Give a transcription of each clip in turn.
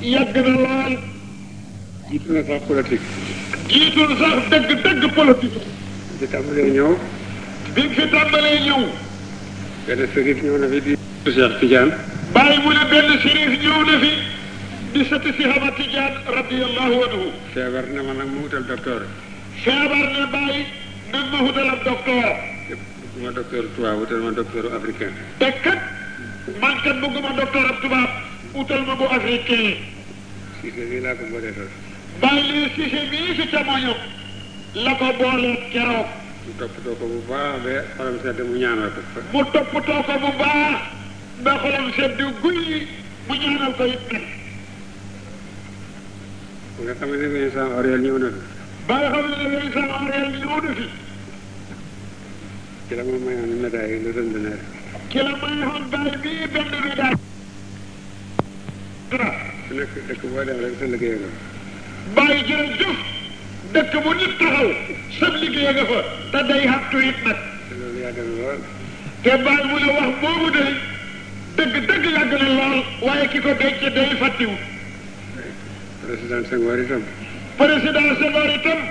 yàgg na lool. jiitu na sax politique. jiitu na sax dëgg dëgg politique. bi fi tàmbalee ñëw. bi fi tàmbalee ñëw. benn sërif ñëw na fi di. Cheikh Tidiane. bàyyi mu ne benn sërif ñëw na fi. di sëti si Ahmad Tidiane radiyallahu anhu. feebar na ma nag mu wutal docteur. feebar na bàyyi nan ma wutal ab docteur. ma docteur tubaab wutal ma docteur africain. te kat man kat bëgguma docteur ab tubaab. utal ma bu africain. Cissé bii laa ko boole tool. bàyyi Cissé bii si càmmoñam la ko boole keroog. mu toppatoo ko bu baax ba xolam sedd mu ñaanal ko. mu toppatoo ko bu baax ba xolam sedd guy mu ñaanal ko it nag. nga xam ne Vincent Auriel ñëw na fi. ba nga xam ne Vincent Auriel ñëw na fi. ci la ma mayoon médaille le don d'honneur. ci la mayoon bàyyi bii benn médaille. su nekk dëkk boo dem rek sa liggéey nga fa bàyyi jërëjëf dëkk bu nit taxaw sa liggéey nga fa te day xattu it nag loolu yàgg na lool wax boobu day dëgg dëgg yàgg na waaye ki ko denc day fàttiwu président Senghor itam président Senghor itam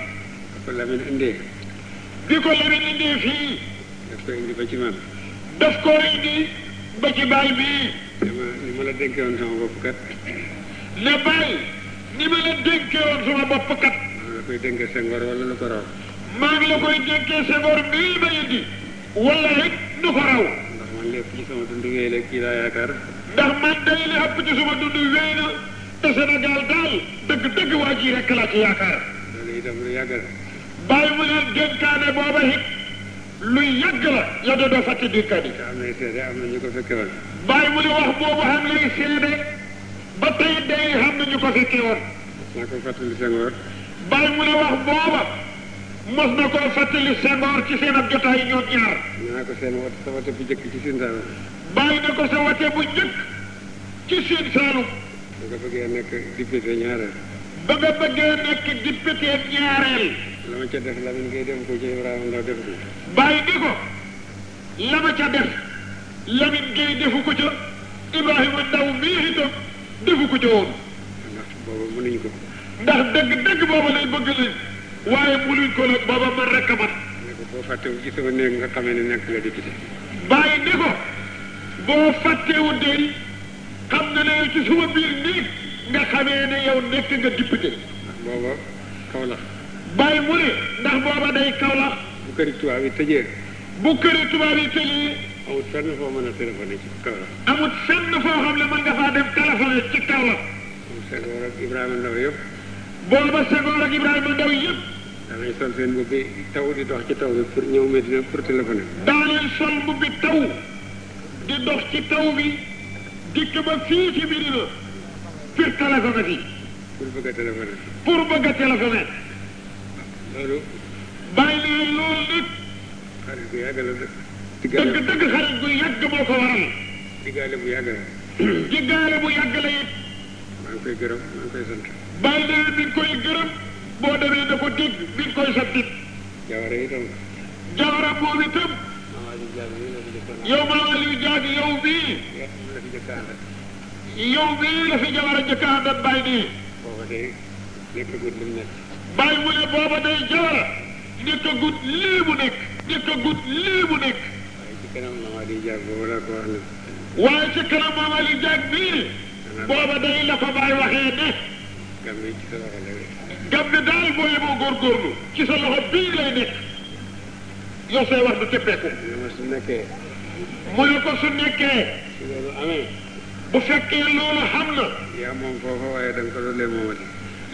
ko Lamine ko Lamine indee fii daf ko indi ba ci man daf ko indi ba ci baay bii dama ni ma la dénkewoon sama bopp kat. ne bàyyi ni ma la dénkewoon sama bopp kat. maa ngi la koy dénkee maa ngi la koy dénkee sa ngor bii ma yëndi. wala it nu ko raw. ndax man lépp ci sama dund wéy la kii laa yaakaar. ndax man day li ëpp ci sama dund wéy na te Sénégal daal dëgg-dëgg waa ji rek laa ci yaakaar. bàyyi mu ne dénkaane booba it. lu yàgg la la doon fàtte biir kàddu gi. am nay seede am na ñu ko fekke woon. bàyyi mu ne wax boobu am nay seede ba tey day xam na ñu ko fekke woon. naa ko fàttali Senghor. bàyyi mu ne wax booba mos na koo fàttali Senghor ci seen ab jotaay yi ñoom ñaar. naa ko seen wat sa wate bu njëkk ci Sine Saalum. bàyyi na ko sa wate bu njëkk ci Sine ba nga bëggee nekk député ñaareel. ba nga bëggee nekk député ñaareel. la ma ca def Lamine Gueye def ko ci Ibrahima def ko. bàyyi ni ko la ma ca def Lamine Gueye defu ko ca Ibrahima Ndaw mii itam defu ko ca woon. ndax booba mënuñ ko. ndax dëgg-dëgg booba lañ bëgg lañ waaye mënuñ ko nag booba man rek a mat. ne ko boo fàttewu ci sama néeg nga xamee ne nekk xam nga ne ci suma biir néeg nga xamee ne yow nekk nga député. kaw la. bàyyi mu ne ndax booba day kaw la bu këri tubaab yi tëjee bu këri tubaab yi tëjee amut fenn foo mën a téléphoné ci kaw la amut fenn foo xam ne mën nga faa dem téléphoné ci kaw la Senghor ak Ibrahima Ndaw yëpp booba Senghor ak Ibrahima Ndaw yëpp daanañ sol seen mbubbi taw di dox ci taw bi pour ñëw Medina pour téléphoné daanañ sol mbubbi taw di dox ci taw bi dikk ba fii ci Medina pour téléphoné fii pour bëgg a téléphoné pour bëgg a téléphoné loolu. bàyyi la loolu nag. xarit bu yàgg la nag. diggaale dëgg dëgg xarit bu yàgg boo ko waral. diggaale bu yàgg la. diggaale bu yàgg la it. maa ngi koy gërëm maa ngi koy sant. bàyyi la bi koy gërëm boo demee da ko dégg bi koy sant it. jawara yi tam. jawara boobu itam. yow maa wàllu jaag yow bii. yow bii la fi jawara a àndat bàyyi nii. booba day nekkagut li mu nekk. bàyyi mu ne booba day jawara nekk gut lii mu nekk nekk gut lii mu nekk waaye ci kanam Mame Aliou Diack boobu la ko booba day la ko bàyyi waxee ne gam bi ci sa loxo la gam bi daal booy ci sa loxo bii lay nekk yow say wax du mu ne ko su nekkee su loolu amee bu fekkee na yaa moom foofa waaye da nga ko doon lee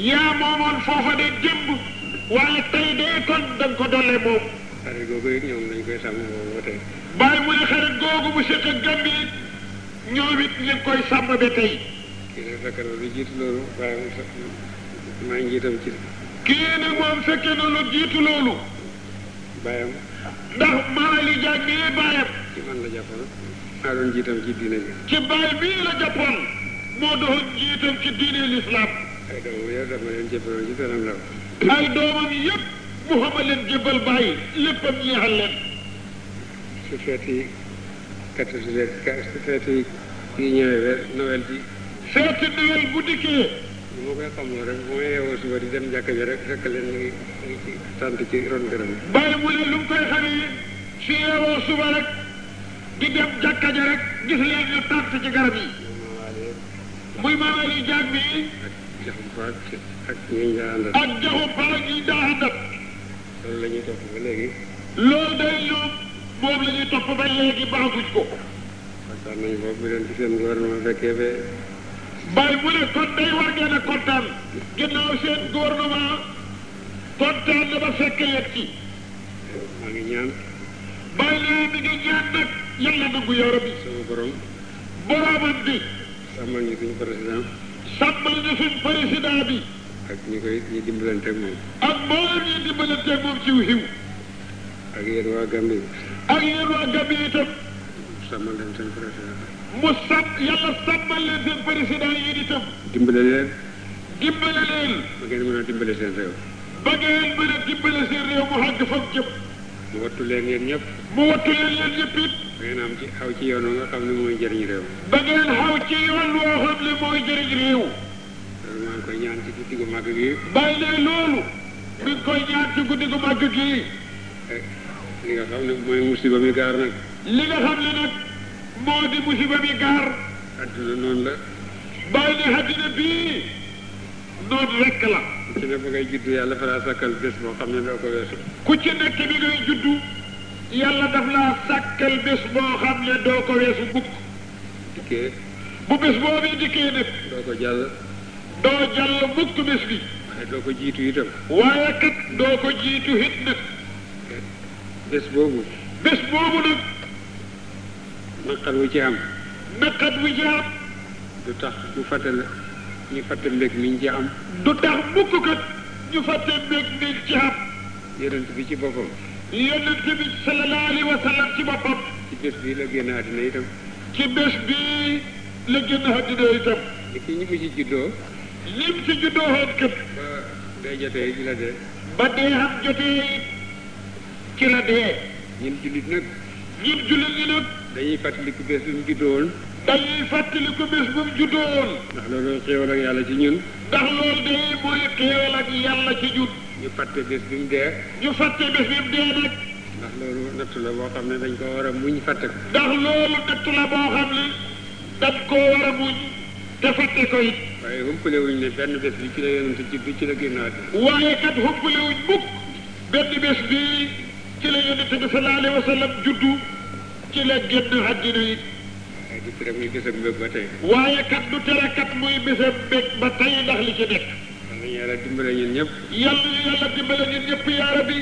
yaa moomoon foofa de démb waaye tey de kon da ko dollee moom. xarit koy sàmm ba tey. bàyyi mu ne xarit googu mu seq ak Gàmbi it ñoom koy sàmm ba tey. kii nag fekk na lu jiitu loolu waaye ndax maa li nii bàyyam. ci man la jàppoon maa doon jiitam ci diine bi. ay doomam yëpp dafa leen jébbaloon ci kanam la ay doomam yëpp Muhammad leen jébbal bàyyi léppam ñeexal leen. feeti quatorze su feeti yi ñëwee Noël bi. feeti Noël bu dikkee. ñu ma koy xamloo rek bu ma rek fekk leen ci sant ci suba di dem jàkka ji rek gis leen ñu tànt ci garab muy maam Ali Diagne bi. ak ñi ñu daan àndal. ak jaxu baal ak ñi ñu daan ñuy topp ba léegi. loolu day lu la ñuy topp ba léegi ko. kontaan nañu boobu bi leen ci seen gouvernement fekkee ba. bàyyi mu ne kon day war ngeen a kontaan. ginnaaw seen gouvernement kontaan na ba fekk leen ci. maa ngi ñaan. ñaan nag yàlla nangu yow rabbi. sama borom. bi. sàmmal ñu suñu président. sàmmal na suñ président bi. ak ñi koy ñi dimbalanteeg moom. ak mboolem ñi dimbalanteeg moom ci xiw. ak yéen waa Gambie. ak yéen waa Gambie itam. mu sàmm yàlla sàmmal leen seen président yi itam. dimbale leen. dimbale leen. ba ngeen mën a dimbale seen réew. dimbale seen réew mu xàgg fa mu wattu leen yéen ñëpp mu wattu leen yéen ñëpp it ba ngeen ci xaw ci yoon nga xam ne mooy jëriñ réew ba ngeen xaw ci yoon woo xam ne mooy jëriñ réew loolu koy ñaan ci guddi gu màgg gi bàyyi leen loolu mi ngi koy ñaan ci guddi gu màgg gi eh, li nga xam ne mooy musiba mi gaar nag li nga xam ne nag moo di musiba mi gaar adduna noonu la bàyyi ne adduna bii noonu rekk la. ku ci boo xam ne doo ko nekk ngay juddu yàlla daf laa sàkkal bés boo xam ne doo ko weesu bukk. dikkee. bu bés boobu dikkee nag. doo ko jàll. doo jàll mukk bés bi. waaye doo ko jiitu itam. waaye bés boobu. bés boobu nag. naqar wu ci am. naqar wu ci am. du tax mu fàtte ñu fàtte mbég mi ñu ci am. du tax mukk kat ñu fàtte mbég mi ñu ci am. yonent bi ci boppam. yonent bi sallallahu alayhi wa sallam ci boppam. ci bés bii la génn àddina itam. ci bés bii la génn àddina itam. li ñu ngi ci juddoo. lim ci ba day jotee ci la dee. ba jotee ci la dee. ñun jullit nag. ñun jullit ñi dañuy fàttaliku bés bu ñu juddoo dal fàttali ko bés bu mu juddoo woon. ndax loolu xéewal ak yàlla ci ñun. ndax loolu de mooy xéewal ak yàlla ci ñun. ñu fàtte bés bi dee. ñu fàtte bés bi dee nag. ndax loolu natt la boo xam ne dañ ko war a muñ fàtte ko. ndax loolu natt la boo xam ne dañ ko war a muñ te fàtte ko it. waaye humpale wuñ ne benn bés bi ci la yonent juddu ci la waaye kat humpale wuñ benn bés bi ci la yonent bi sallallahu alayhi wa juddu ci la génn àdduna it. waaye kat du tere kat muy bésam bég ba tey ndax li ci nekk. yàlla ñu yàlla dimbale ñun ñëpp. yàlla ñu yàlla dimbale ñun ñëpp yaa rabbi.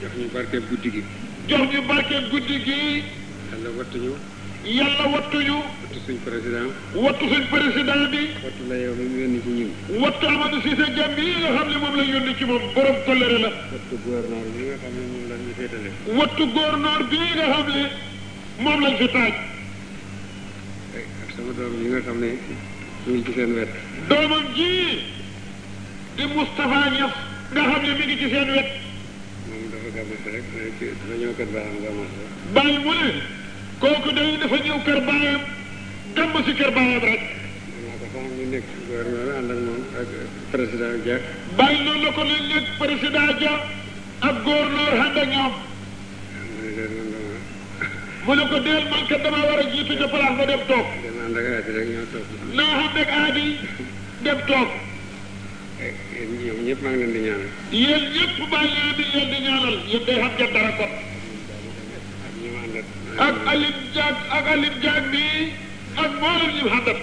jox ñu barkeeb guddi gi. jox ñu barkeeb guddi gi. yàlla wattuñu. yàlla wattu suñ wattu suñ président bi. wattu la yow mi mu yónni ci ñun. wattu Amadou Cissé Diagne bi nga xam ne moom la yónni ci moom borom colère la. wattu gouverneur bi nga xam ne moom la ñu féetale. wattu gouverneur bi nga xam ne moom lañ fi taaj. sama doom yi xam ne mi ngi ci seen wet. doomam ji di Moustapha Niass nga xam ne mi ngi ci seen wet. moom dafa gàmmase rek dafa ñëw kër baayam gàmmase rek. bàyyi mu ne kooku day dafa ñëw kër baayam gàmm si kër baayam rek. dinaa ko sax ñu nekk gouverneur ànd ak moom ak président Dia. bàyyi loolu la ko leen nekk président Dia ak gouverneur ànd ak ñoom. wala ne ko déel man kat damaa war a jiitu ca place dem toog. naa xam rek dem toog. yéen eh, eh, ñëpp maa ngi leen di ñaanal. yéen ñëpp maa ngi leen di leen ak Alioune Diak ak Alioune Diak bi ak mboolem ñu xam def.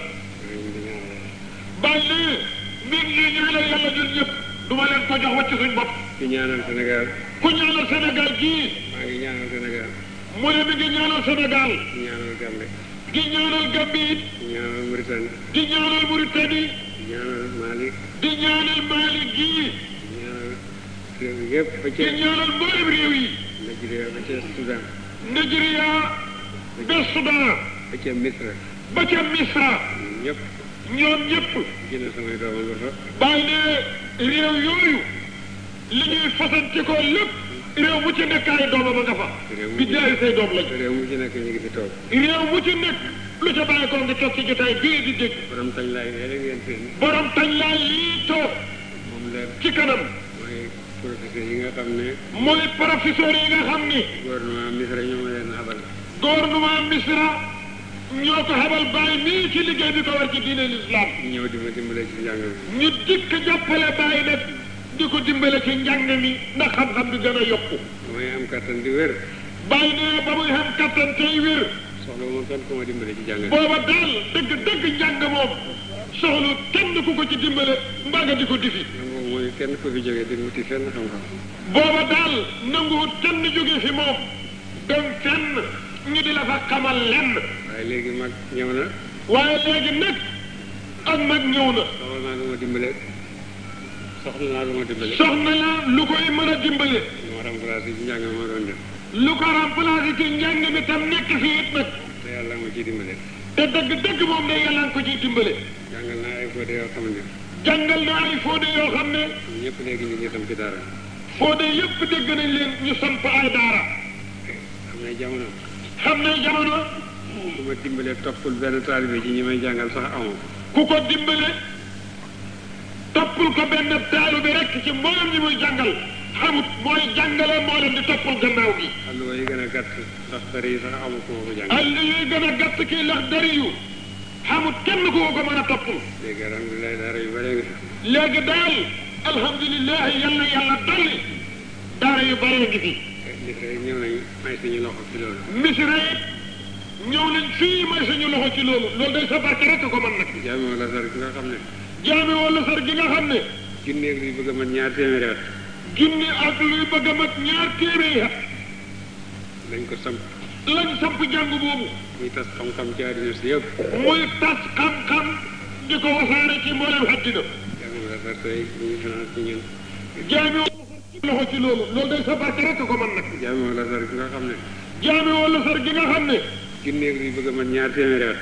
bàyyi mi ngi ñaanal yàlla ñun ko jox wàcc suñ bopp. ku ñaanal Sénégal. ku maa ngi ñaanal Sénégal. mu ne mi ngi ñaanal Sénégal. di ñaanal Gambie. di ñaanal Gambie. di ñaanal Mauritanie. di ñaanal Mauritanie. di ñaanal Mali. di ñaanal Mali gii. di ñaanal réew yëpp ba Thiès. di ñaanal mboolem réew yi. Nigeria ba ca Soudan. Nigeria ba Soudan. ba ca Misra. ba ca Misra. ñëpp. ñoom ñëpp. génne samay doomu nga fa. bàyyi ne réew yooyu. li ñuy fasantikoo lépp. réew mu ci nekk ay doomam a nga fa. bi jaay say doom lañ. ci nekk ci nekk lu ca bàyyi koom di toog ci jotaay bii di dégg. borom tañ laay léeg ngeen fi. borom tañ laay lii toog. moom la ci kanam. mooy professeur yi nga xam ne. mooy professeur yi nga xam ni. gouvernement Misra ñoo leen xabal. gouvernement Misra. ñoo ko xabal bàyyi nii ci liggéey bi ko war ci diine l'islam. ñëw di ma dimbale ci njàng mi. ñu dikk jàppale bàyyi nag. di ko dimbale ci njàng mi ndax xam-xam bi gën a yokku ba muy am kattan di wér bàyyi nee ba muy am kattan tey wér soxla moom kenn ku ko ci dimbale mbaa nga di ko difi moom mooy kenn ku fi jógee di wuti fenn xam-xam booba daal nanguwut kenn jóge fi moom dem fenn ñu di la fa xamal lenn waaye léegi mag ñëw na waaye léegi nag ak mag ñëw na soxla naa nga soxla naa lu ma dimbale. soxla koy mën a dimbale. lu ma remplacé ci njàng ma doon def. lu ko remplacé ci njàng mi tam nekk fi it nag. te yàlla ma ciy dimbale. te dëgg-dëgg moom ne yàlla ko ciy dimbale. jàngal naa ay fóode yoo xam ne. jàngal naa ay fóode yoo xam ne. ñëpp léegi ñu ngi sam ci daara. fóode leen ñu samp ay daara. xam ne jamono. xam ne jamono. ku ma dimbalee toppul benn taalibe ci ñi may jàngal sax amoo. ku ko dimbale. toppul ko benn taalu bi rek ci mboolem ñi muy jàngal xamut mooy jàngale moo leen di toppul gannaaw gi. àll yooyu gën a gàtt ndax dari sax amul ko ko jàngal. àll yooyu gën a gàtt kii ndax dari yu xamut kenn ku ko mën a toppul. léegi alhamdulilah daara yu bare ngi fi. léegi daal alhamdulilah yàlla yàlla dolli daara yu bare ngi fi. Eh, misra yi ñëw nañu may suñu loxo ci loolu. misra yi. ñëw nañ fii may suñu loxo ci loolu loolu day sa barke rek ko mën nag. jaami wala sar ki nga xam ne. jaame wala sar gi nga xam ne. junni ak luy bëgg a mat ñaar téeméeri at. junni ak luy bëgg a mat ñaar téeméeri at. lañ ko samp. lañ samp jàng boobu. muy tas xam-xam ci àddina si yëpp. muy tas xam-xam di ko wasaare ci mboolem àddina. jaame wala sar tey ñu ngi finance ci ñun. jaame wala sar ci loxo ci loolu loolu day sa barke rek ko mën nag. jaame wala sar gi nga xam ne. jaame wala sar gi nga xam ne. junni ak luy bëgg a mat ñaar téeméeri at.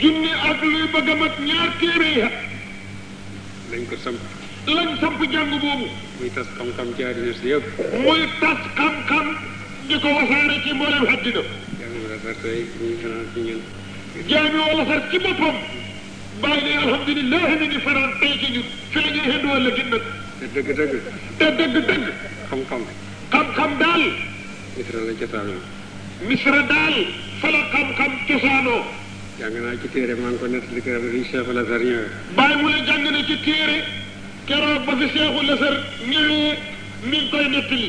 junni ak luy bëgg a mat ñaar téeméeri at. lañ ko samp lañ samp jàng boobu muy tas xam-xam ci àddina si yëpp muy tas xam-xam di ko wasaare ci mboolem àddina jaami jaami wala sar ci boppam bàyyi ne alhamdulilah ni ngi fanaan ci ñun fi la ñuy xendu wala te dëgg-dëgg te dëgg-dëgg xam-xam xam daal misra la cosaanoo misra daal fa la xam-xam jàng naa ci téere maa ngi ko nettali keroog bi Cheikh Lasar ñëwee. bàyyi mu ne jàng na ci téere keroog ba fi Cheikh Lasar ñëwee mi ngi koy nettali.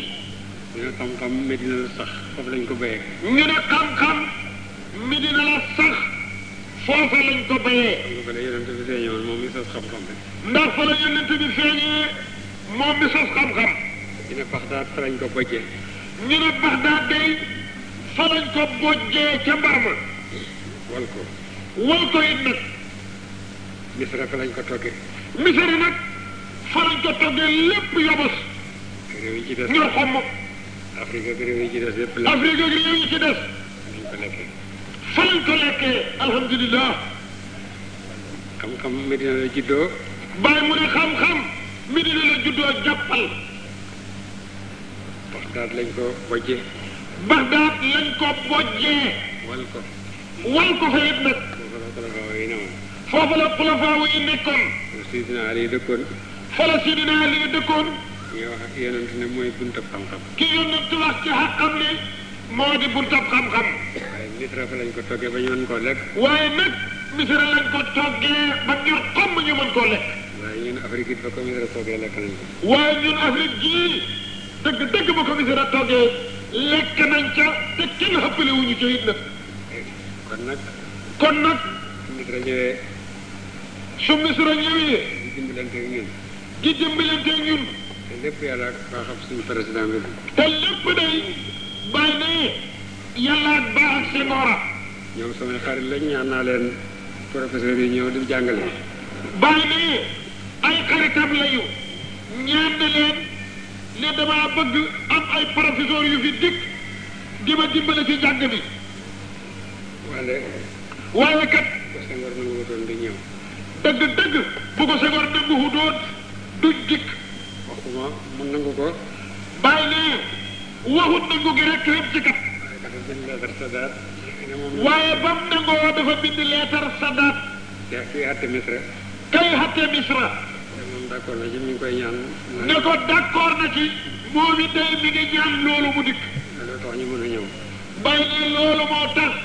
ñu ne xam-xam Medina la sax foofu lañ ko béyee. ñu ne xam-xam Medina la sax foofu lañ ko béyee. xam nga fële yonent bi feeñoon moom mi sos xam-xam bi. ndax fële yonent bi feeñee moom mi sos xam-xam. ñu ne Baxdaad fa lañ ko bojjee. ñu ne Baxdaad day fa lañ ko bojjee ca Barma. wal ko wal ko it nag misra ka lañ ko toggee misra nag fa lañ ko toggee lépp yobos réew yi ci des ngir yépp afrique ci des fa lañ ko lekkee alhamdulilah xam-xam medina la juddoo bàyyi mu ne xam-xam medina la juddoo jàppal baxdaat lañ ko bojjee baxdaat lañ ko bojjee wan ko fa yëpp nag. foofu la xulafaaw yi nekkoon. foofu la Sidina Ali dëkkoon. fa la Sidina Ali dëkkoon. ki wax ak yonent ne mooy buntab xam-xam. ki yonent wax ci xam-xam ne moo di buntab xam-xam. waaye misra fa lañ ko toggee ba ñu mën koo lekk. waaye nag misra lañ ko toggee ba ñu xam ñu mën koo lekk. waaye ñun Afrique it ba ko misra toggee lekk nañ ko. waaye ñun Afrique gii dëgg dëgg ba ko misra toggee lekk nañ ca te kenn xëppale wuñu ca it nag. kon nag. kon nag. suñu misra ñëwee. su misra ñëwee. di dimbalante ak ñun. di dimbalante ak ñun. te lépp te lépp day. bàyyi na yàlla baax ak seen ñoom samay xarit lañ ñaan naa leen professeur yi ñëw di jàngale. bàyyi na ay xaritam lañu. ñaan na leen ne damaa bëgg am ay professeur yu fi dikk di ma dimbale ci jàng bi. waaye kat dëgg dëgg bu ko Senghor dëgg wutoon du dikk waxuma mu nangu ko bàyyi ne waxut nangu gi rek yëpp ci kat waaye ba mu nangoo dafa bind leetar Sadat kii àtte Misra kay àtte Misra d'accord na ci mi ngi koy ñaan ne ko d'accord na ci moom it day mi ngi ñaan loolu mu dikk loolu a ñëw loolu moo tax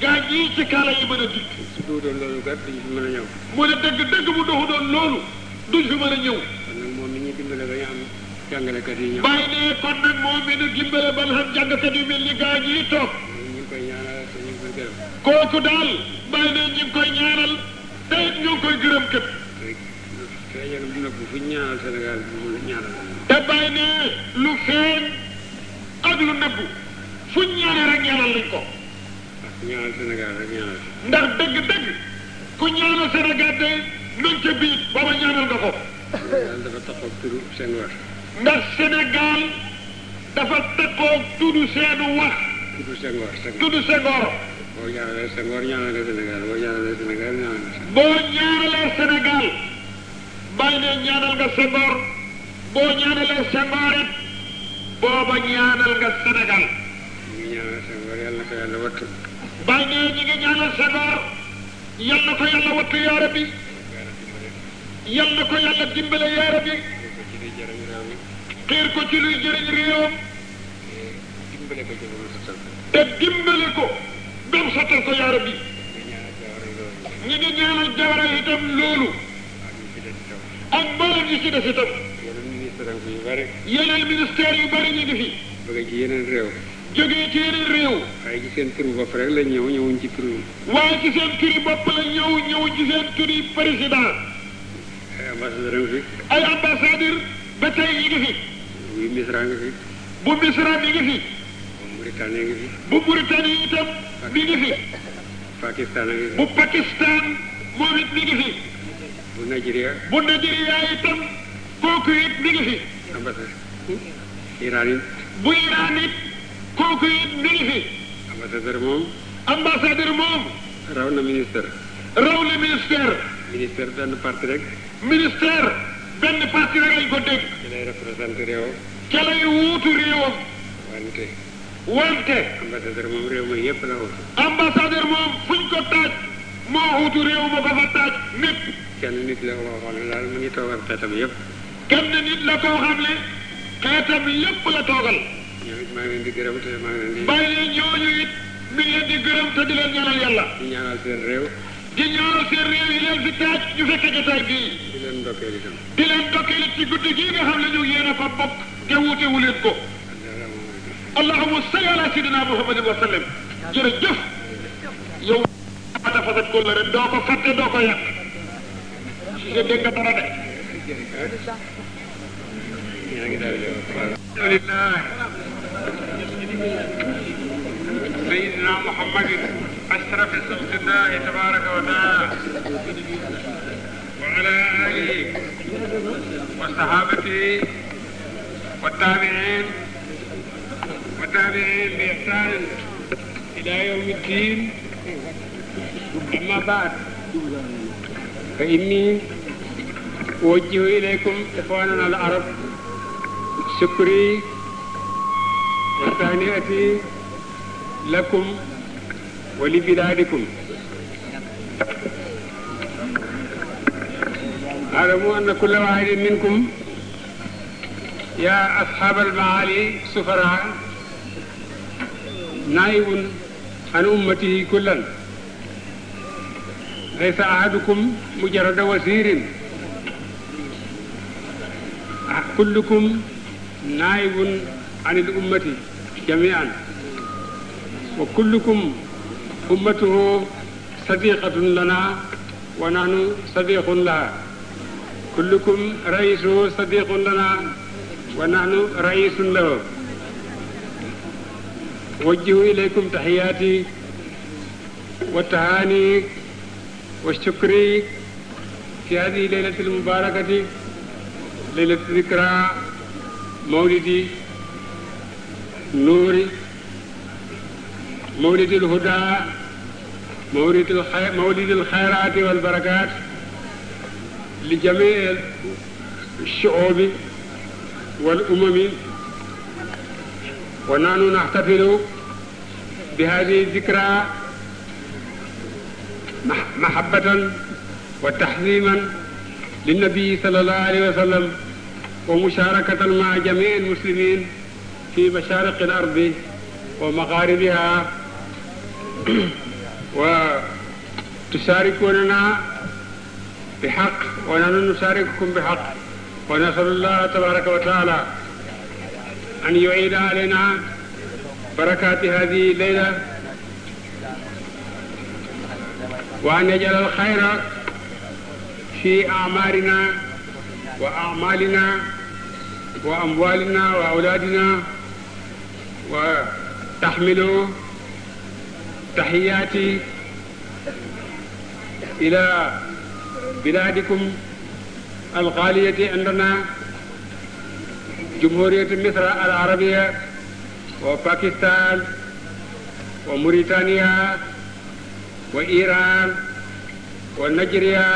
gaa yi ci kaala yi mën a dikk. su dul doon loolu kat duñ fi mën a ñëw. mu ne dëgg dëgg bu doxu doon loolu duñ fi mën a ñëw. moom mi ñuy dimbale ba ñu am jàngalekat yi ñëw. bàyyi ne kon nag moom mi dimbale ba ñu am jàngkat yu mel ni gaa yi toog. ñu ngi koy ñaanal te ñu ngi koy gërëm. kooku daal bàyyi ne ñu ngi koy ñaanal te ñu ngi koy gërëm kat. te fu ne lu feeñ ak lu nëbbu fu ñaanal rek ñaanal lañ ko. ñaanal Sénégal rek ñaanal. ndax dëgg-dëgg ku ñaanal Sénégal de luñ ca biir booba ñaanal nga ko. Sénégal dafa taxaw turu seen wax. ndax Sénégal dafa tëkkoog tudd booba ñaanal nga Sénégal. ñu bàyyi ne ñi ngi ñaanal seen waar yal na ko yàlla wattu yaa rabbi yal ko yàlla dimbale yaa rabbi xiir ko ci luy jëriñ réewam te dimbale ko ba mu sottal ko yaa rabbi ñi ngi ñaanal jawara itam loolu ak mboolem ñi ci des itam yeneen ministère yu bari ñi ngi fi bëgg ci yeneen réew jógee ci yeneen réew. waaye ci seen turu bopp rek la ñëw ñëwuñ ci turu. waaye ci seen turi bopp la ñëw ci seen turi président. ay ambassadeur ay ambassadeur ba tey ngi fi. bu Misra ngi fi. bu Misra mi ngi fi. bu Mauritanie itam mi ngi fi. Pakistan bu Pakistan moom it ngi fi. bu Nigeria. itam kooku it mi ngi fi. Iran it. bu Iran it. kooku it mi ngi fi. ambassadeur moom. ambassadeur moom. raw na ministère. raw na ministère. benn parti rek. ministère benn parti rek ko dégg. ki lay représenté réewam. ki lay wuutu réewam. wante. moom réew mi yëpp la wuutu. ambassadeur moom fuñ ko taaj. moo wuutu réew ma ko nit. kenn nit la ko waxoon ne daal kenn nit la ko xam ne xeetam la toogal. ñooñu it maa ngi leen di gërëm te maa ngi leen di. bàyyi leen ñooñu it mi ngi leen di gërëm te di leen ñaanal yàlla. di ñaanal seen réew. di ñaanal seen réew yi leen fi taaj ñu fekk jotaay bii. di leen ndokkeel itam. di leen ndokkeel ci guddi gii nga xam ne ñu yéen a fa bokk te wuute wu leen ko. allahumma salli ala sayyidina muhammadin wa sallam jërëjëf yow ata fasat ko la rek doo ko fàtte doo ko yàq si sa dégg dara de سيدنا محمد أشرف خلق الله تبارك وتعالى وعلى آله وصحابته والتابعين وتابعين بإحسان إلى يوم الدين أما بعد فإني أوجه إليكم إخواننا العرب شكري wa taaniyati lakum wa li bilaadikum alamu anna kulla waahidin minkum yaa ashaabal maali sufaraa naayibun an ummatihi kullan laysa ahadukum mujarrada wasiirin kullukum naayibun anil ummati jamian wa kullukum ummatuhu sadiqatun lana wa nahnu sadiqun laha kullukum raisuhu sadiqun lana wa nahnu raisun lahu wajjihu ilaykum taxiyaati wa tahaani wa shukri fi hadihi leylati almubarakati leylati dikra mawlidi nuuri mawlidil hudaa mawlidil xay mawlidil xayraati wal barakaat li jamii shuubi wal umami wa naanu naxtafilu bi hadihi dikra mahabbatan wa taxdiman linnabii sallallahu alayhi wa sallam wa musharakatan maa jamii almuslimin في مشارق الأرض ومغاربها وتشاركوننا بحق ونحن نشارككم بحق ونسأل الله تبارك وتعالى أن يعيد علينا بركات هذه الليلة وأن يجعل الخير في أعمارنا وأعمالنا وأموالنا وأولادنا wa taxmilu taxiyaati ila bilaadikum alxaaliyati indana jumhuriyatu misra al arabiya wa pakistan wa mauritania wa iran wa najeriya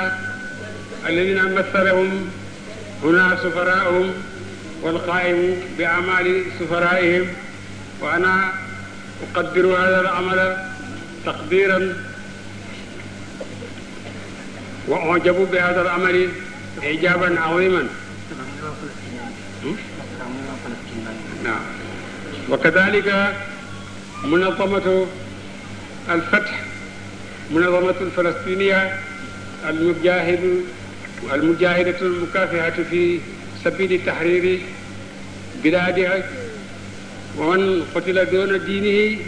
alladina masalahum huna sufaraahum walqaimu bi amali sufaraihim wa ana uqaddiru hada al amala taqdiran wa ujabu bi hada al amali ijaban aziman نعم وكذلك منظمة الفتح منظمة الفلسطينية المجاهد المجاهدة المكافحة في سبيل تحرير بلاد ومن قتل دون دينه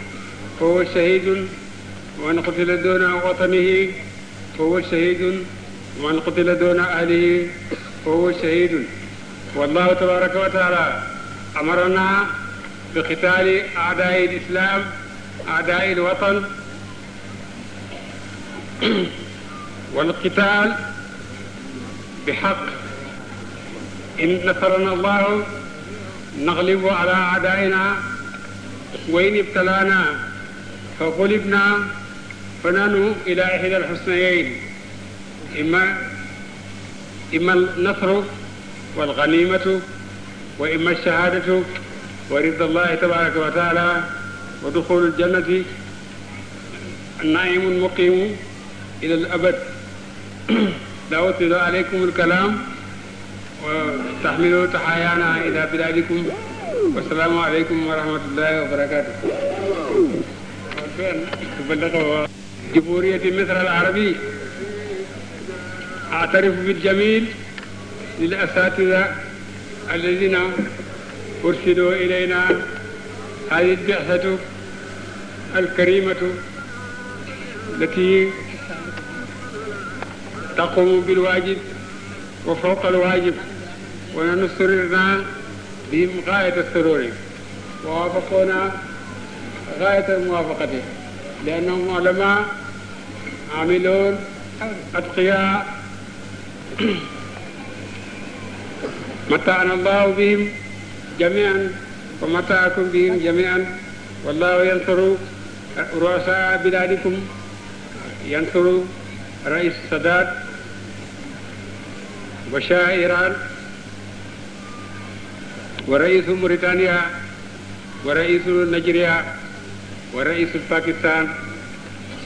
فهو شهيد ومن قتل دون وطنه فهو شهيد ومن قتل دون أهله فهو شهيد والله تبارك وتعالى أمرنا بقتال أعداء الإسلام أعداء الوطن والقتال بحق إن نصرنا الله naxlibu ala adaina wa in ibtalaana fa xulibna fa nanu ila ihda alxusnayayn imma imma alnasru walganimatu wa imma alshahadatu wa rida allahi tabaraka wa taala wa duxulu aljannati naimu muqimu ila alabad la utilo alaykum alkalam وتحملوا تحايانا إلى بلادكم والسلام عليكم ورحمة الله وبركاته جمهورية مصر العربي أعترف بالجميل للأساتذة الذين أرسلوا إلينا هذه البعثة الكريمة التي تقوم بالواجب وفوق الواجب wana nu surirna bihim gaayata sururi wa waafaqoona gaayata muwaafaqati liannahum ulama amiloon atqiya mataana allahu bihim jamian wa mataakum bihim jamian wallahu yansuru ruasa biladikum yansuru rais sadat wa shairan wa raisu Mauritania wa raisu Nigeria wa raisu Pakistan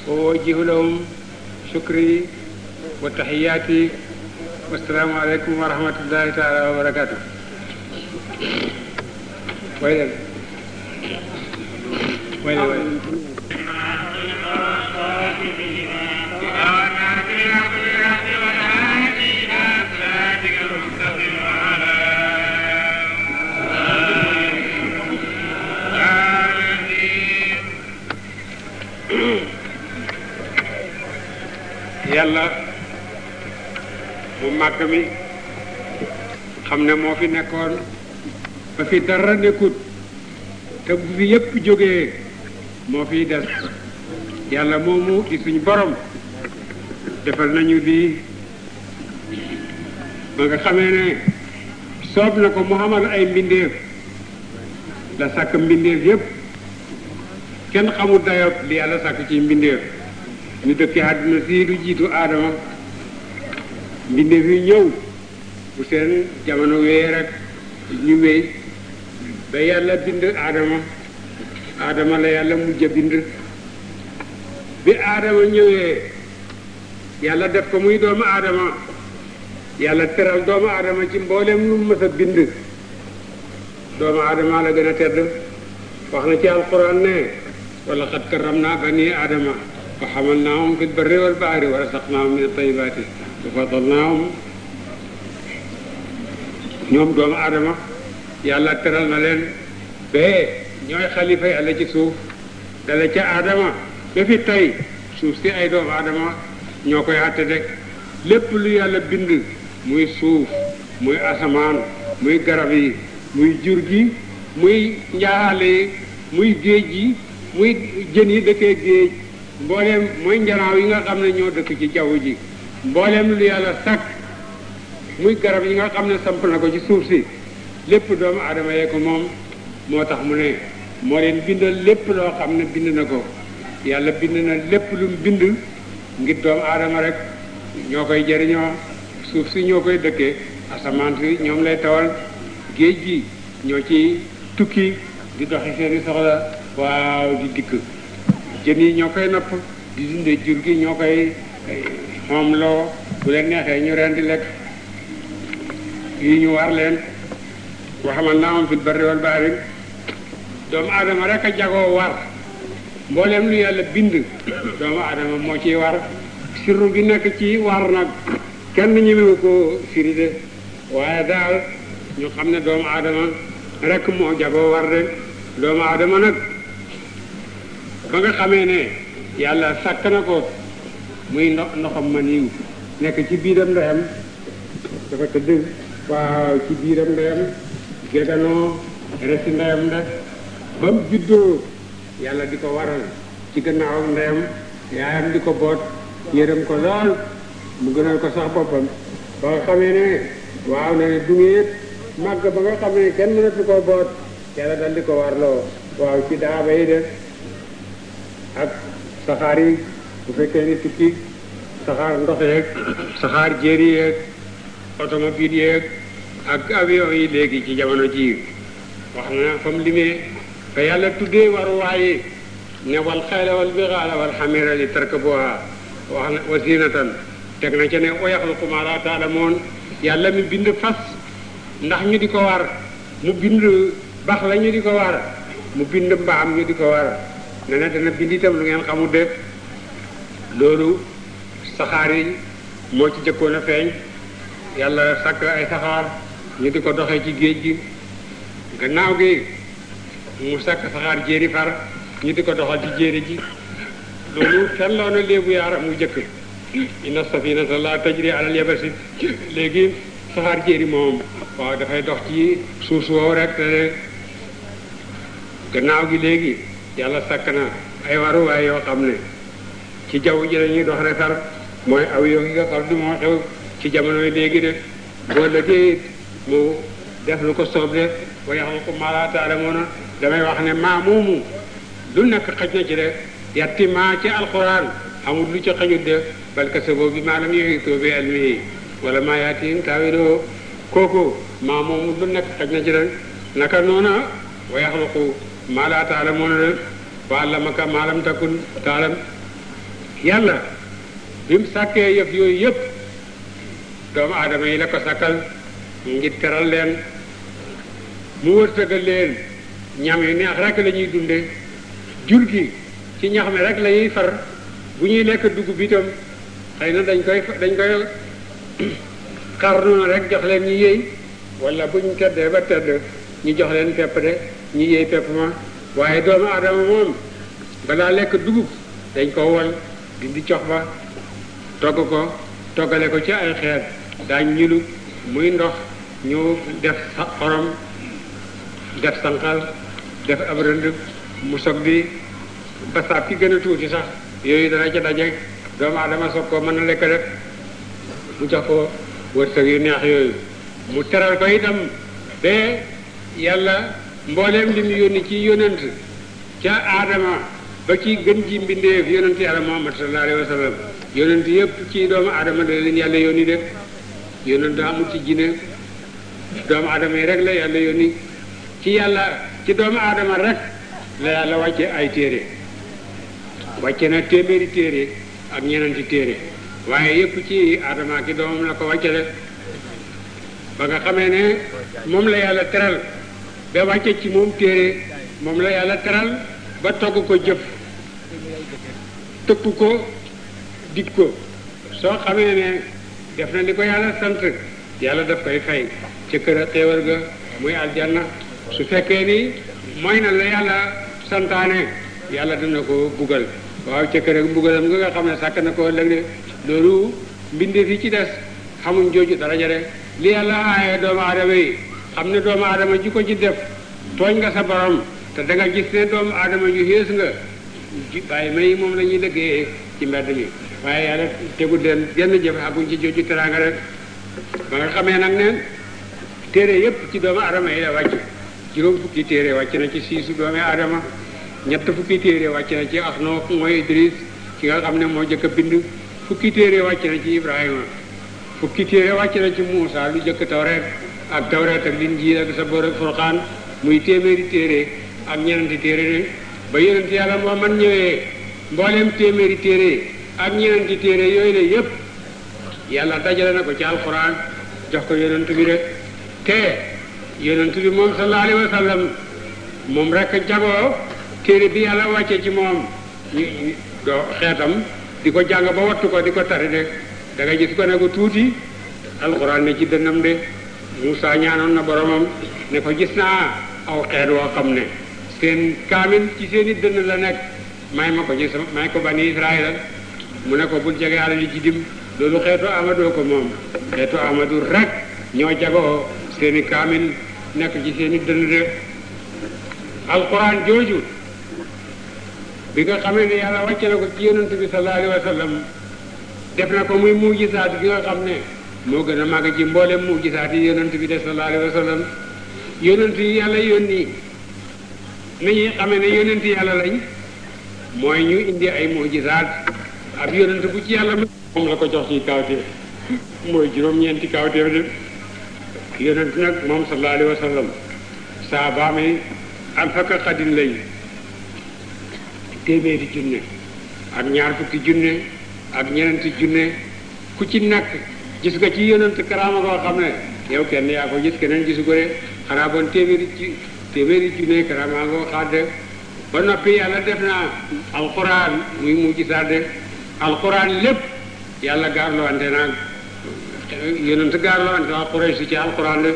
wa wajihu lahum shukri wa tahiyaati wassalaamu aleykum wa rahmatullahi taala wa barakatu way leen way leen way yàlla mu màgg mi xam ne moo fi nekkoon ba fi dara nekkut te bu fi yépp jógee moo fiy des yàlla moomu di suñ borom defal nañu bi ba nga xamee ne soob na ko mu amal ay mbindeef la sàkk mbindeef yépp kenn xamul dayoo li yàlla sàkk ci mbindeef ñu dëkki àdduna si lu jiitu aadama mbindeef yu ñëw bu seen jamono wee rek ñu wéy ba yàlla bind aadama aadama la yàlla mujj a bind bi aadama ñëwee yàlla def ko muy doomu aadama yàlla teral doomu aadama ci mboolem lu mës bind doomu aadama la gën a tedd wax na ci alquran ne wala xat karam naa bani aadama fa xamalnaahum fi lbarri wal bahri wa razaqnaahum min at-tayyibaati wa faddalnaahum ñoom doomu aadama yàlla teral na leen bee ñooy xalifa yàlla ci suuf dala ca aadama ba fi tey suuf si ay doomu aadama ñoo koy àtte de lépp lu yàlla bind muy suuf muy asamaan muy garab yi muy jur gi muy njaaxaale yi muy géej yi muy jën yi dëkkee géej mbooleem mooy njanaaw yi nga xam ne ñoo dëkk ci jaww ji mboolem lu yàlla sàkk muy garab yi nga xam ne samp na ko ci suuf si lépp doomu aadama yee ko moom moo tax mu ne moo leen bindal lépp loo xam ne bind na ko yàlla bind na lépp lu mu bind ngir doomu aadama rek ñoo koy jëriñoo suuf si ñoo koy dëkkee asamaan si ñoom lay tawal géej gi ñoo ci tukki di doxi seeni soxla waaw di dikk jën yi ñoo koy napp di dundee jur gi ñoo koy eh, moom loo bu leen neexee ñu rendi lekk yi ñu war leen waxamal naa moom fil barri wal doomu aadama rek a jagoo war mboolem lu yàlla bind doomu aadama moo ciy war sirru gi nekk ci war nag kenn ñemewu ko firi waaye daal ñu xam ne doomu aadama rek moo jagoo war de doomu aadama nag ba nga xamee ne yàlla sàkk na ko muy ndox ndoxam ma nii nekk ci biiram ndeyam dafa tëdd waaw ci biiram ndeyam géganoo resi ndeyam nde ba mu juddoo yàlla di ko waral ci gannaawam ndeyam yaayam di ko boot yërëm ko lool mu gënal ko sax boppam ba nga xamee ne waaw ne du ngeen màgg ba nga xam kenn mënatu koo boot yàlla dal di ko warloo waaw ci daaba yi def ak saxaar yi bu fekkee ni tukki saxaar ndox saxaar jéeri yeeg automobile yeeg ak avion yi léegi ci jamono ji wax na comme limee te yàlla tuddee waruwaay yi ne wal xayla wal bixaala wal wax na teg na ca ne wa yaxluqu maa laa yàlla mi bind fas ndax ñu di ko war mu bind bax la di ko war mu bind mbaam ñu di ko war ne na dana bind itam lu ngeen xamul de loolu saxaar yi moo ci jëkkoon a feeñ yàlla sàkk ay saxaar ñu di ko doxee ci géej gi gannaaw gi mu sàkk saxaar jéeri far ñu di ko doxal ci jéeri ji loolu fenn loo na léebu yaaram mu jëkk inna safinata la tajri alal yabasi léegi saxaar jéeri moom waaw dafay dox ci suuf su wow rek te gannaaw gi léegi yàlla sakk na ay waruwaay yoo xam ne ci jaww ji ñuy dox retar mooy avion yi nga xam ne moo xew ci jamonoy léegi de boo lëggee mu def lu ko soob de ba yàqu ko malaataale moo damay wax ne maa moomu lu nekk xaj na ci yatti maa ci alxuraan amul lu ci xajut de balka sa bi maa lam yooyu toobee almi yi wala maa yaatiin taawiloo kooku maa moomu lu nekk xaj na ci naka noona wa yaxluqu maa laa taalamoon la wa allamaka maa taalam yàlla bi mu sàkkee yëf yooyu yëpp doomu aadama yi la ko sàkkal ngir teral leen mu wërsëgal leen ñam yu neex rek lañuy ñuy dunde jur gi ci ñax mi rek lañuy ñuy far bu ñuy lekk dugub bi itam xëy na dañ koy dañ koy xar noonu rek jox leen ñu yëy wala bu ñu teddee ba tedd ñu jox leen pepp de ñu yëy pepp ma waaye doomu aadama moom balaa lekk dugub dañ ko wol di cox ba togg ko toggale ko ci ay xeer daañ ñulu muy ndox ñu def xorom def sanqal def ab rënd mu sog di basaab ki gën a tuuti sax yooyu dana ca daje doomu aadama soog koo mën a lekk rek mu jox ko wërsëg yu neex yooyu mu teral ko itam ba yàlla mbooleem li mu yónni ci yonent ca aadama ba ci gën ji mbindeef yonent yàlla muhammad sallallahu alayhi wa sallam yëpp ci doomu aadama la leen yàlla yónni de ci jinne doomu aadama yi rek la ci yàlla ci doomu aadama rek la yàlla wàcce ay téere wàcce na téeméeri téere ak ñeneenti téere waaye yëpp ci aadama ki doomam la ko wàcce de ba nga xamee ne moom la yàlla teral ba wàcce ci moom téere moom la yàlla teral ba togg ko jëf tëkk ko dig ko soo xamee ne def na li ko yàlla sant yàlla daf koy fay ci kër a xéewal ga muy aljanna su fekkee ni mooy na la yàlla santaane yàlla dina ko buggal waaw ca kër ak mbugalam nga nga xam ne sàkk na ko léeg loolu mbindee fi ci des xamuñ jooju dara jare li yàlla aaye doomu aadama yi am na doomu aadama ji def tooñ nga sa borom te danga gis ne doomu aadama ju xees nga ji may moom la ñuy liggéeyee ci mbedd mi waaye yàlla tegu leen genn jëf aguñ ci jooju teraanga rek ba nga xamee nag neen téere yépp ci doomu aadama yi la wàcc juróom fukki téere wàcc na ci siisu doomu aadama ñett fukki téere wàcc na ci Axnoox mooy Idris ki nga xam ne moo jëkk a bind fukki téere wàcc na ci Ibrahima fukki téere wàcc na ci Muusa lu jëkk Tawreet ak tawreet ak linjiil ak saboor ak furqaan muy téeméeri téere ak ñenenti téere ba yonent yàlla Muhammad ñëwee mbooleem téeméeri téere ak ñenenti téere yooyu la yépp yàlla dajale na ko ci alxuraan jox ko yonent bi de te yonent bi moom sallallahu alayhi wa moom rek jagoo téere bi yàlla wàcce ci moom ñu do xeetam di ko jàng ba wattu ko di ko tari de da nga gis ko ne ko tuuti alxuraan ne ci dënnam de Moussa ñaanoon na boromam ne ko gis naa aw xeet woo xam ne seen kaamil ci seen i dënn la nekk may ma ko ci sama may ko bani Israël mu ne ko bul jege alal ji dim loolu xeetu Amadou ko moom xeetu Amadou rek ñoo jagoo seeni i kaamil nekk ci seen i dënn de alquran jooju bi nga xam ne yàlla wàcce na ko ci yonent bi sallallahu alayhi wa sallam def na ko muy mujisaat bi nga xam ne moo gën a màgg ci mboolem mu gisaati yonent bi de sallallahu alayhi wa sallam yonent yi yàlla yónni ni ñuy xamee ne yonent yàlla lañ mooy ñu indi ay mujisaat ab yonent bu ci yàlla moom la ko jox ci kawteef mooy juróom-ñeenti kawteef de yonent nag moom saabaam yi alfaka xadin lañ téeméeri junne ak ñaar fukki junne ak ñeneenti junne ku ci nakk gis nga ci yonent karaama koo xam ne yow kenn yaa ko gis keneen gisu ko de xanaa bon téeméeri ci téeméeri junne karaama koo xaat de ba noppi yàlla def naa alxuraan muy mujj saat de alxuraan lépp yàlla gaarlowante naag yonent gaarlowante waa Quraysh ci alxuraan de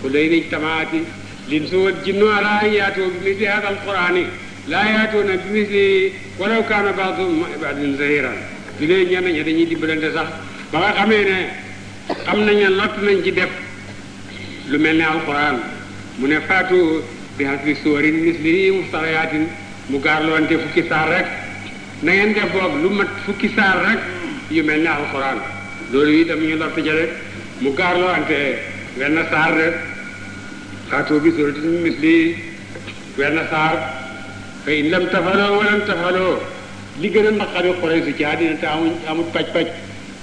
ku day niñ tamaati lin suwal jinnu ala an yaatoo bi misli hada alqurani laa yaatoo na bi misli walaw kaana ba'duhum li ba'din zahiran bi lee ñenn ñi dañuy sax ba nga xamee ne xam nañ ne lott nañ ci def lu mel ne alquran mu ne faatu bi hasbi suwarin mislihi muftariyatin mu gaarloonte fukki saar rek na ngeen def boog lu mat fukki saar rek yu mel ne alquran loolu itam ñu lott ja rek mu gaarloonte wenn saar rek faatu bi suratin mislihi wenn saar fa in lam tafaloo walam li gën a naqari xorey ci àddina te amut paj-paj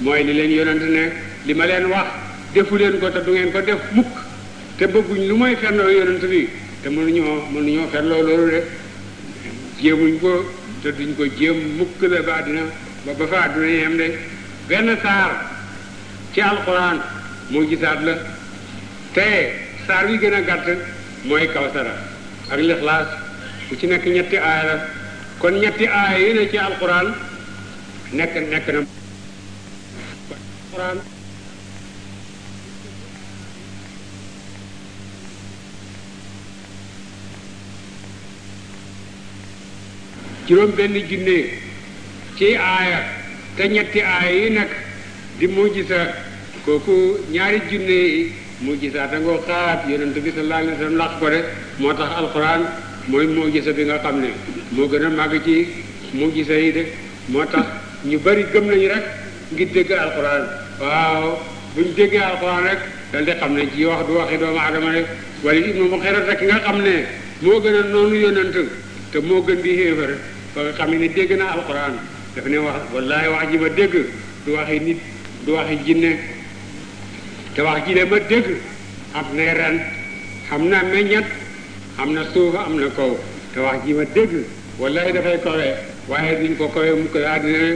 mooy li leen yonent ne li ma leen wax defu leen ko te du ngeen ko def mukk te bëgguñ lu mooy fenloo yonent bi te mënuñoo mënuñoo fenloo loolu de jéemuñ ko te duñ ko jéem mukk la ba àddina ba ba fa àddina yem de benn saar ci alxuraan moo gisaat la te saar wi gën a gàtt mooy kawsara ak lixlaas bu ci nekk ñetti aaya la kon ñetti aaya yi ne ci alquran nekk nekk na alquran juróom benn junne ci aaya te ñetti aaya yi nag di mujjisa kooku ñaari junne yi mujjisa da ngoo xaat yonent bi sallallahu alayhi wasallam laq ko de moo tax alquran mooy mujjisa bi nga xam ne moo gën a màgg ci mujjisa yi de moo tax ñu bari gëm nañu rek ngir dégg alquran waaw buñ déggee alxuraan rek dal di xam ne ci wax du waxi doomu aadama rek Walid ibnu Mughira rek nga xam ne moo gën a noonu yonent te moo gën di xéefar ba nga xam ne dégg naa alxuraan dafa ne wax wallahi wax ji ma dégg du waxi nit du waxi wax ji le ma dégg na ren xam na meññat am na suuf am na kaw te wax ji ma dégg wallahi dafay kawee waaye duñ ko kawee mu ko àddina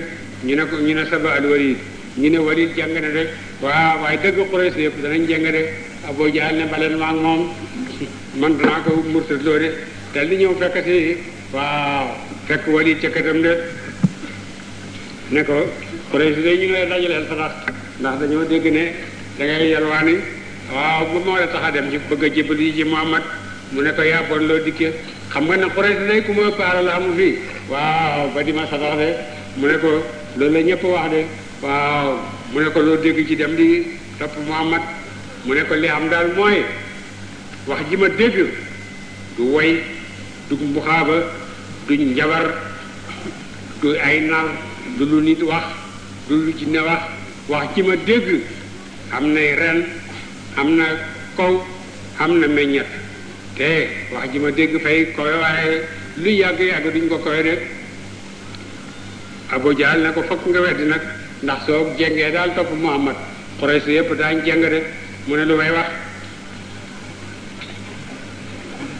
ñu ne ko ñu ne saba al ñu ne walil jàng na de waaw waaye dëgg Quraysh yëpp danañ jàng de Abu Jahl ne baleen ma ak moom man danaa ko murtad loo de dal di ñëw fekk si waaw fekk walil ca katam de ne ko Quraysh de ñu ne dajaleel sarax ndax dañoo dégg ne da ngay yalwaani waaw bu moo la tax a dem ci bëgg a jébal yi ci Muhammad mu ne ko yaa loo dikkee xam nga ne Quraysh day ku ma paara la fii waaw ba di ma sarax de mu ne ko loolu la ñëpp wax de waaw mu ne ko loo dégg ci dem di topp Muhammad mu ne ko li am daal mooy wax ji ma dégg du woy du mbuxaaba du njabar du ay nar du lu nit wax du lu ci wax wax ji ma dégg am nay ren am na kaw am na meññet te wax ji ma dégg fay kowe waaye lu yàgg yàgg duñ ko kowe de Abu Jaal na ko fokk nga weddi nag ndax soo jengee daal topp Muhammad Quraysh yépp daañ jeng de mu ne lu may wax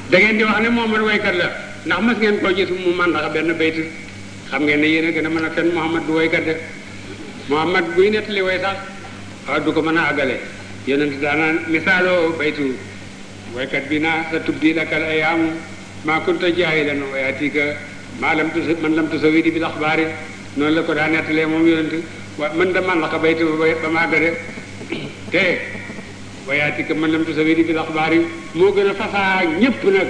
da ngeen di wax ne Muhammad waykat la ndax mas ngeen koo gis mu màndax benn bayt xam ngeen ne yéen gën a mën a fen Muhammad du waykat de Muhammad buy nettali way sax waaw ah, du ko mën a àggale yonent daanaan misaaloo baytu waykat bi naa sa tubdi lakal ayaamu maa kunta jaahilan wayatika maa lam tusa man lam tusa wi di bil axbaari noonu la ko daa nettalee moom yonent wa man da man la xabay te ba ma gëre te wayaati ka man lam tu sawiri bil axbaar yi moo gën a fasaa ñépp nag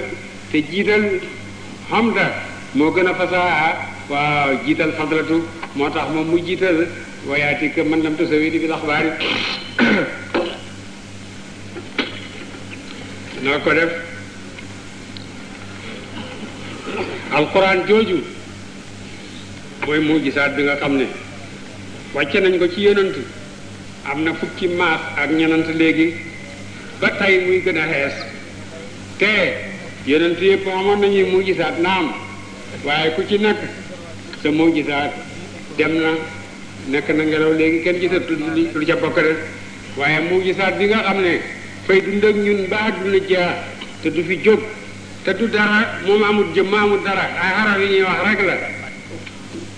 te jiital hamda moo gën a fasaa waaw jiital fadlatu moo tax moom mu jiital wayaati ka man lam tu sawiri bil axbaar yi noo ko def alquran jooju mooy mu gisaat bi nga xam ne wàcce nañ ko ci yonant am na fukki maas ak ñenant léegi ba tey muy gën a xees te yonant yëpp amoon nañuy mujjisaat naam waaye ku ci nekk sa mujjisaat dem na nekk na ngelaw léegi kenn gisat lu ca bokk rek waaye mujjisaat bi nga xam ne fay dund ak ñun ba àdduna jeex te du fi jóg te du dara moom amul jëmm amul dara ay xaraf yi ñuy wax rek la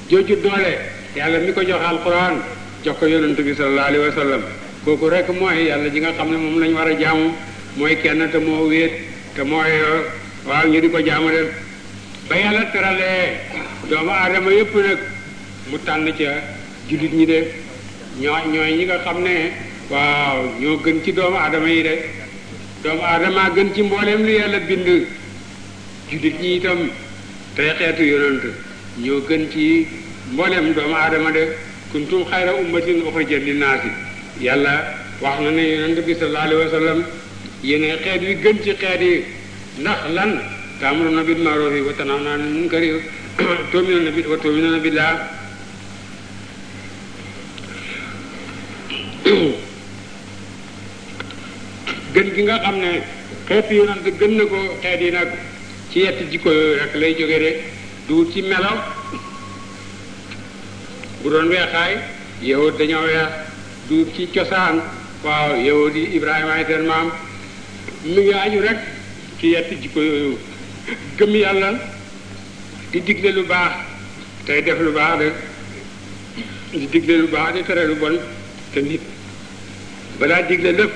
jooju doole yàlla mi ko jox alquran jox ko yonent bi sallallahu alayhi kooku rek mooy yàlla ji nga xam ne moom lañ war a jàmm mooy kenn te moo wéet te mooy waaw ñu di ko jaamu de ba yàlla teralee doomu aadama yépp nag mu tànn ca jullit ñi de ñoo ñooy ñi nga xam ne waaw ñoo gën ci doomu aadama yi de doomu aadama gën ci mbooleem lu yàlla bind jullit ñi itam tey xeetu yonent ñoo gën ci mbooleem doomu aadama de kuntum xayra ummatin uxrijat linnaasi yàlla wax na ne yonent bi sallallahu alayhi wa sallam yéene xeet wi gën ci xeet yi ndax lan taamuruna bil ma'rufi wa tanhawna anil munkari tu'minuna bi wa tu'minuna billah gën gi nga xam ne xeet yi nag gën na ko xeet yi nag ci yett jikko yooyu rek lay jóge de du ci melo bu doon weexaay yahud dañoo weex du ci cosaan waaw yahud yi Ibrahima ay seen maam mi ngi aju rek ci yetti jikko yooyu gëm yàlla di digle lu baax tey def lu baax de di digle lu baax di bon te digle lépp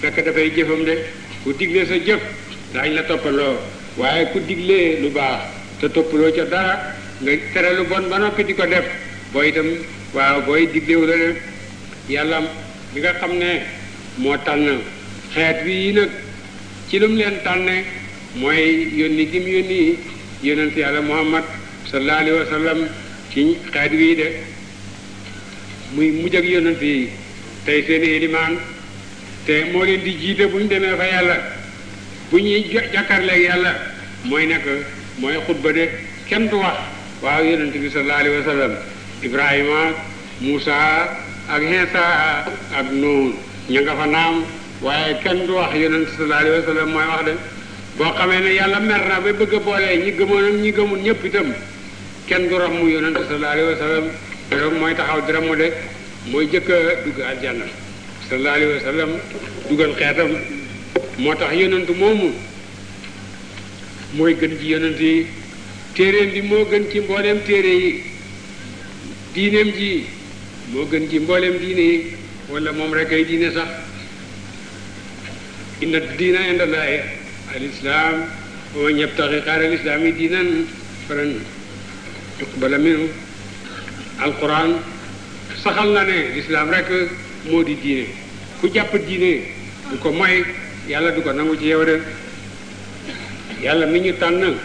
fekk dafay jëfam de ku digle sa jëf daañ la toppaloo waaye ku diglee lu baax te toppaloo ca dara nga tere lu bon ba noppi di ko def booy itam waaw booy diglewu la yàlla bi nga xam ne moo tànn xeet wi yi nag ci lu leen tànn mooy yónni gi mu yónni yonent yàlla muhammad sallallahu alayhi wa sallam ci xeet wii de muy mujj ak yonent yi tey seen ilimaan te moo leen di jiite bu ñu demee fa yàlla bu ñuy jàkkaarleeg yàlla mooy nekk mooy xutba de kenn du wax waaw yonent bi sallallahu alayhi wa Ibrahima Moussa ak Insa ak Nuun ña nga fa naam waaye kenn du wax yonent sallallahu alayhi wa sallam mooy wax de boo xamee ne yàlla mer na ba bëgg a boolee ñi gëmoon ak ñi gëmul ñëpp itam kenn du ramm yonent sallallahu alayhi wa mooy a dugg aljanna sallallahu alayhi wa sallam dugal xeetam moo tax yonent moomu mooy gën ci yonent yi téeréem bi moo gën ci mbooleem téere yi diineem ji moo gën ci mbooleem diine yi walla moom rek ay diine sax inna diina indallaahi al islaam wa man yabtaxi xayra al islaami diinan falan yuqbala minhu alquran saxal na ne islaam rek moo di diine ku jàpp diine du ko moy yàlla du ko nangu ci yow de yàlla mi ñu tànn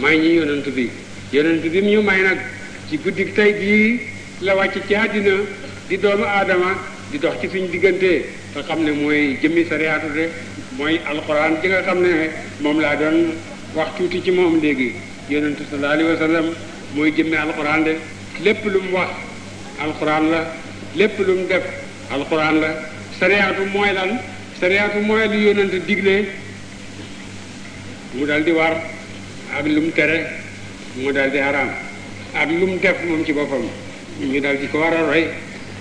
may ñi yonent bi yonent bi mu ñu may nag ci guddi tey gii la wàcc ci àddina di doomu aadama di dox ci suñu diggante te xam ne mooy jëmmi sariyaatu de mooy alxuraan ji nga xam ne moom laa doon wax tuuti ci moom léegi yonente sallallahu alayhi wa mooy jëmmi alxuraan de lépp lu wax alxuraan la lépp lu def alxuraan la sariyaatu mooy lan sariyaatu mooy lu yonente digle mu dal di war ak lu tere mu dal di ak lu mu def moom ci boppam ñu dal di ko war a roy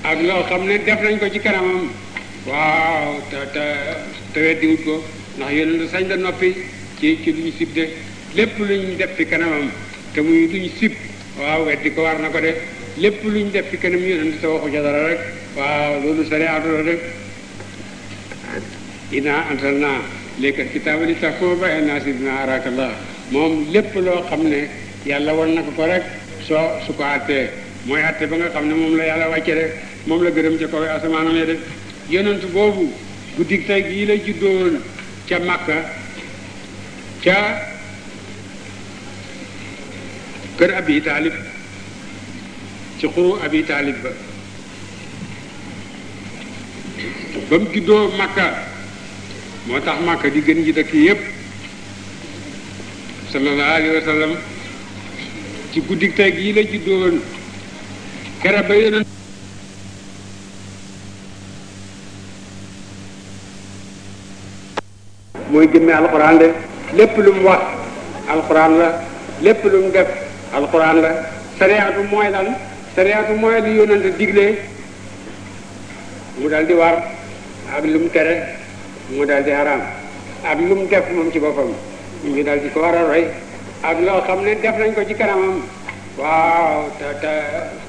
ak loo xam ne def nañ ko ci kanamam waaw te te te weddiwut ko ndax yéen sañ la noppi ci ci lu ñu sib de lépp lu ñu def fi kanamam te muy lu ñu sib waaw weddi ko war na ko de lépp lu ñu def fi kanam yonent sa waxu ca dara rek loolu sariyaatu la rek inaa antal naa léegi kitaaba li tax foofu moom lépp loo xam ne yàlla war na ko ko rek soo su ko àttee mooy àtte ba nga xam ne moom la yàlla wàcce de moom la gërëm ca kawe asamaanam ya de yonent boobu guddig tey gii la juddoon ca Makka ca kër Abi Taalib ci xuru Abi ba ba mu juddoo Makka moo tax Makka di gën ji dëkk yépp sallallahu alayhi ci guddi tey gii la juddoo woon ba yonent mooy génne alxuraan de lépp lu mu wax alxuraan la lépp lu mu def alxuraan la sariyaatu mooy lan sariyaatu mooy li yonent digle mu daldi di war ak lu mu tere mu dal di ak lu mu def moom ci boppam ñu dal ko war a roy ak loo xam ne def nañ ko ci kanamam waaw te te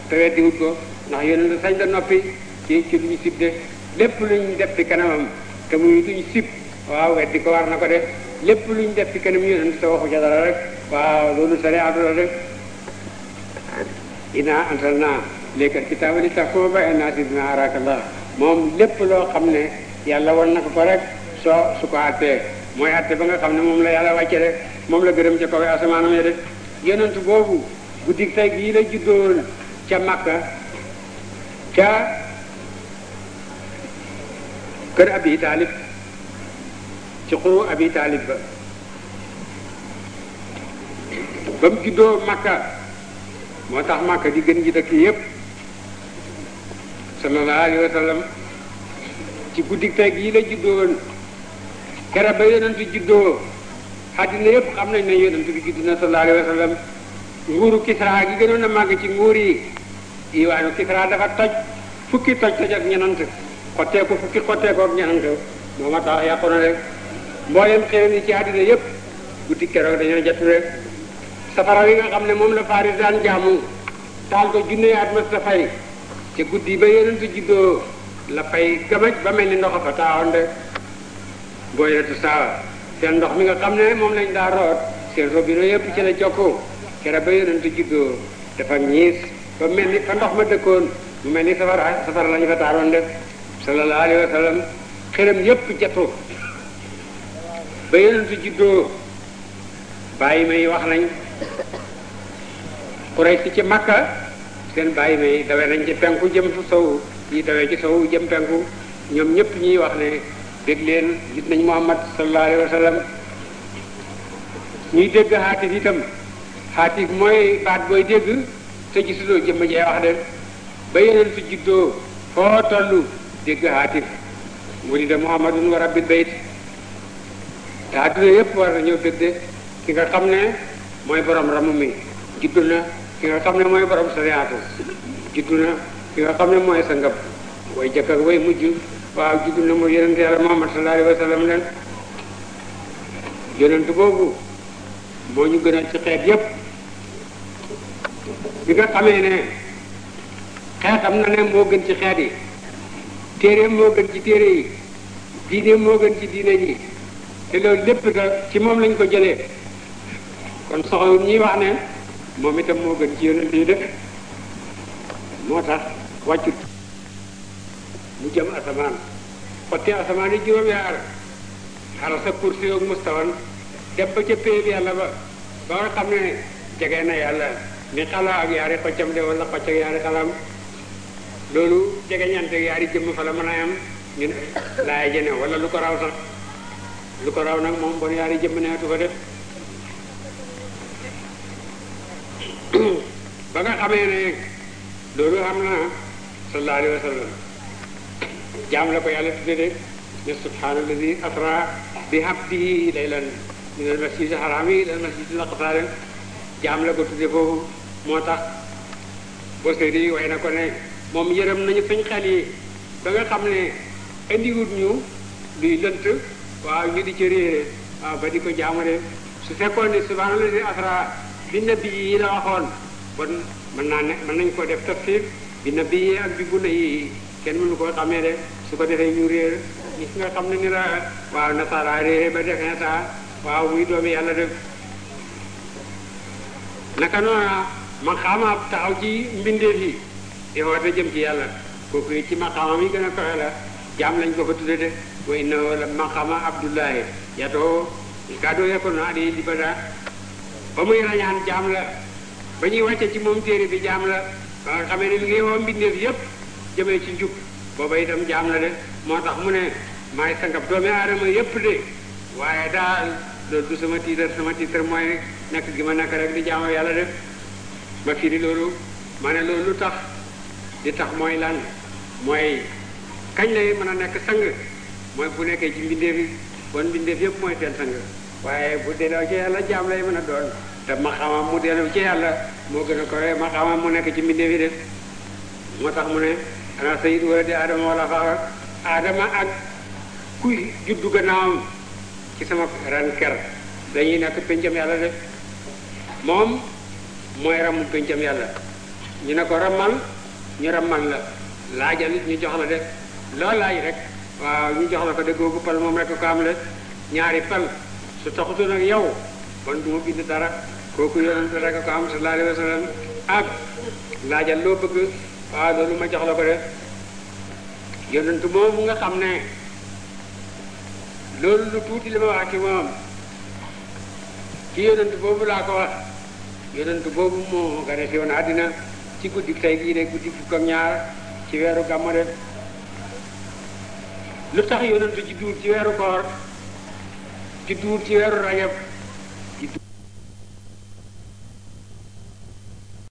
te weddiwut ko ndax yéen a sañ la noppi ci ci lu ñu sib de lépp lu ñu def ci kanamam te muy lu ñu sib waaw weddi ko war na ko de lépp lu ñu def ci kanam yéen a sa waxu ca dara rek waaw loolu sare àdduna rek inaa antal naa lékkal kitaaba li tax kuma bàyyi naa si dina arakallah moom lépp loo xam ne yàlla won na ko ko rek soo su ko àttee mooy àtte ba nga xam ne moom la yàlla wàcce rek moom la gërëm ca kawe asamaanam de yonent boobu guddik tey gii la juddoon ca Makka ca kër Abi Taalib ci xuru Abi Taalib ba ba mu juddoo Makka moo tax Makka di gën ji dëkk yépp sallallahu alayhi ci guddik tey gii la juddoon kera ba yonent juddoo addina yëpp xam nañ ne yonent bi judd na sallallahu alayhi wa sallam nguuru Kisra gi gënoon a màgg ci nguur yi diwaanu Kisra dafa toj fukki toj toj ak ñenant xotteeku fukki xotteeku ak ñenant moo ci addina yëpp guddi keroog dañoo jot ne moom la Faris daan jaamu taal ko junne at mas ta fay te guddi ba yonent juddoo la fay gamaj ba mel ni ndox fa taawoon rek booy retu saawa seen ndox mi nga xam ne moom lañ daa root seen robinet yëpp ci la jokku kere ba yonent juddoo dafa ñiis ba mel ni fa ndox ma dëkkoon mu mel ni safara safara lañu fa taaloon def sallallahu alayhi wa sallam jatu ba yonent juddoo bàyyi may wax nañ Quraysh ci Makka seen bàyyi may dawee nañ ci penku jëm fu sow yi dawee ci sow jëm penku ñoom ñëpp ñuy wax ne dégg leen gis nañ Muhammad sallallahu alayhi wa sallam ñuy dégg xaatif itam mooy baat booy dégg te gisuloo jëmm jee wax de ba yeneen fi juddoo foo tollu dégg xaatif mu di de Muhammadun wa rabbil bayt te àdduna yëpp war na ñëw dégg ki nga xam ne mooy borom ramu mi juddu na ki nga xam ne mooy borom sariyaatu juddu na ki nga xam ne mooy sa ngab way jëkk ak mujj waaw jigéen na mooy yonent yàlla Muhammad sallallahu alayhi wa sallam leen yonent boobu moo ñu gën ci xeet yépp bi xamee ne am na ne moo gën ci xeet yi téereem moo gën ci téere yi diineem moo gën ci diine yi te loolu lépp da ci moom lañ ko jëlee kon soxlawul ñi wax ne moom itam moo gën ci yonent yi def moo tax wàccut mu jëm asamaan xotti asamaan yi juróom-yaar xala sa kursi ak mustawan ba ca péeb yàlla ba ba nga xam ne jege na yàlla ni xala ak yaari xoccam de wala xocc ak yaari xalam loolu jege ñante ak yaari fa la mën a am ñun laay jëne wala lu ko raw sax lu ko raw nag moom bon yaari jëmm neetu ko def ba nga xamee ne loolu xam na sallallahu alayhi wa jaam ko yàlla tudde de ne subhaanalladi asra bi abdihi laylan min al masjid al haram ila al ko tudde foofu moo tax Busiri way na ko ne moom yërëm nañu suñ xel yi ba nga xam ne indiwut ñu luy lënt waaw ñu di ci ba di ko jaamu de su fekkoon ne asra bi nabi yi la waxoon bon mën naa nañ ko def tafsir bi nabi yi ak bi gune yi kenn ko koo xamee de su ko defee ñu réer gis nga xam ne ni la waaw nasaara réere ba def insa waaw muy doomi yàlla def naka noona maqaama taxaw ci mbindeef yi di woote jëm ci yàlla ko it ci maqaama mi gën a koxe la jaam lañ ko fa tudde de wa innahu la maqaama abdullahi yatoo kaa doo yekkoon na adi di bada ba muy rañaan jaam la ba ñuy wàcce ci moom téere bi jaam la ba nga xamee ne li ngi woo mbindeef yépp jëmee ci njub booba itam jaam la de moo tax mu ne maay sangab doomi aadama yépp de waaye daal loolu sama tiitar sama tiitar mooy nekk gi ma nekk rek di jaamu yàlla def ma firi loolu ma ne loolu lu tax di tax mooy lan mooy kañ lay mën a nekk sang mooy bu nekkee ci mbindeef yi kon mbindeef yépp mooy seen sang waaye bu delloo ci yàlla jaam lay mën a doon te ma xamam mu delloo ci yàlla moo gën a ko ma xamam mu nekk ci mbindeef yi def moo tax mu ne ana sayid wala di adama wala xaaral adama ak kuy juddu gannaawam ci sama ran dañuy nekk pencam yàlla def moom mooy ramu pencam yàlla ñu ne ko ramal ñu ramal la laajal ñu jox la def loo laaj rek waaw ñu jox la ko dëggoo ko pal moom rek ko am la ñaari pal su taxutu nag yow man du ma bind dara kooku yonent rek ko am sallallahu laajal loo bëgg waaw loolu ma jox la ko def yonent moomu nga xam ne loolu lu tuuti li ma wax ci moom ci yonent boobu laa ko wax yonent boobu moo gane si woon àddina ci guddi tey gii de guddi fukk ak ñaar ci weeru gàmmu def lu tax yonent ci duur ci weeru koor ci duur ci weeru rajab